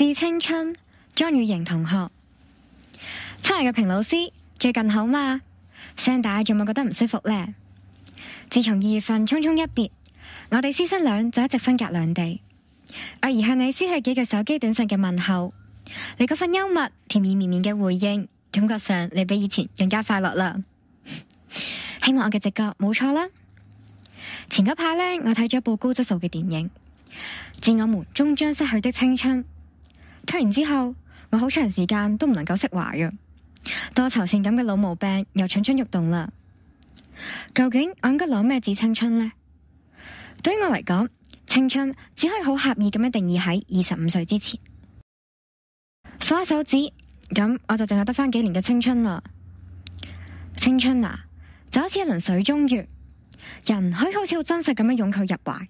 致青春，張雨瑩同學。親愛嘅平老師，最近好嗎？聲帶仲冇覺得唔舒服呢？自從二月份匆匆一別，我哋師生倆，就一直分隔兩地。偶爾向你失去幾句手機短信嘅問候，你嗰份幽默、甜意綿綿嘅回應，感覺上你比以前更加快樂啦。 希望我嘅直覺冇錯啦。前嗰排呢，我睇咗部高質素嘅電影《致我們終將失去的青春》。聽完之後，我好長時間都唔能夠釋懷啊！多愁善感嘅老毛病又蠢蠢欲動啦。究竟我應該攞咩指青春呢？對於我嚟講，青春只可以好狹義咁樣定義喺二十五歲之前。數下手指，咁我就淨係得翻幾年嘅青春啦。青春啊，就好似一輪水中月，人可以好似好真實咁樣擁佢入懷，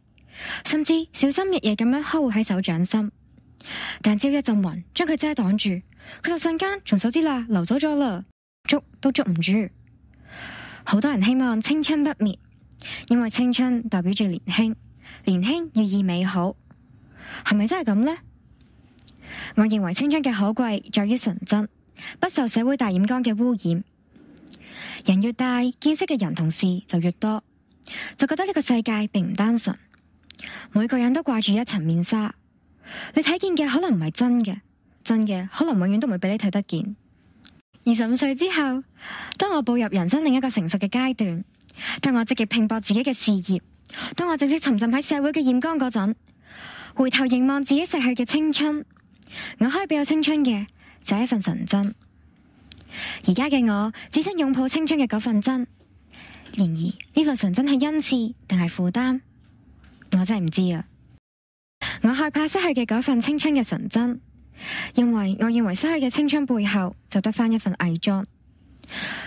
甚至小心翼翼咁樣呵護喺手掌心。但只要一陣雲將佢遮擋住，佢就瞬間從手指罅流走咗啦，捉都捉唔住。好多人希望青春不滅，因為青春代表住年輕，年輕寓意美好，係咪真係咁呢？我認為青春嘅可貴在於純真，不受社會大染缸嘅污染。人越大，見識嘅人同事就越多，就覺得呢個世界並唔單純，每個人都掛住一層面紗。你睇見嘅可能唔係真嘅，真嘅可能永遠都唔會俾你睇得見。二十五歲之後，當我步入人生另一個成熟嘅階段，當我積極拼搏自己嘅事業，當我正式沉浸喺社會嘅豔光嗰陣，回頭凝望自己逝去嘅青春，我可以俾我青春嘅就係、是、一份純真。而家嘅我，只想擁抱青春嘅嗰份真。然而呢份純真係恩賜定係負擔，我真係唔知啊。我害怕失去嘅嗰份青春嘅純真，因為我認為失去嘅青春背後就得翻一份偽裝。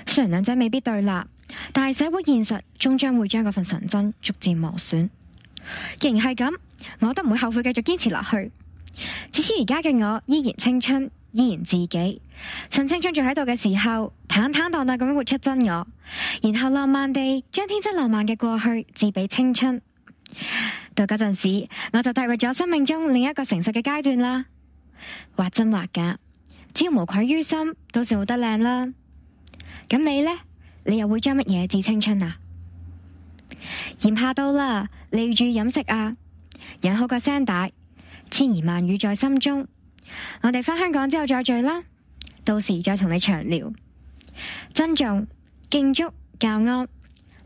雖然兩者未必對立，但係社會現實終將會將嗰份純真逐漸磨損。既然係咁，我都唔會後悔繼續堅持落去。至此而家嘅我依然青春，依然自己，趁青春仲喺度嘅時候，坦坦蕩蕩咁樣活出真我，然後浪漫地將天真浪漫嘅過去賜俾青春。到嗰陣時，我就踏入咗生命中另一個成熟嘅階段畫畫啦。或真或假，只要無愧於心，都算活得靚啦。咁你呢？你又會將乜嘢致青春啊？炎夏到啦，你要注意飲食啊，養好個聲帶。千言萬語在心中，我哋返香港之後再聚啦。到時再同你長聊。珍重、敬祝、教安，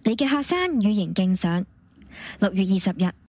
你嘅學生語言敬上。六月二十日。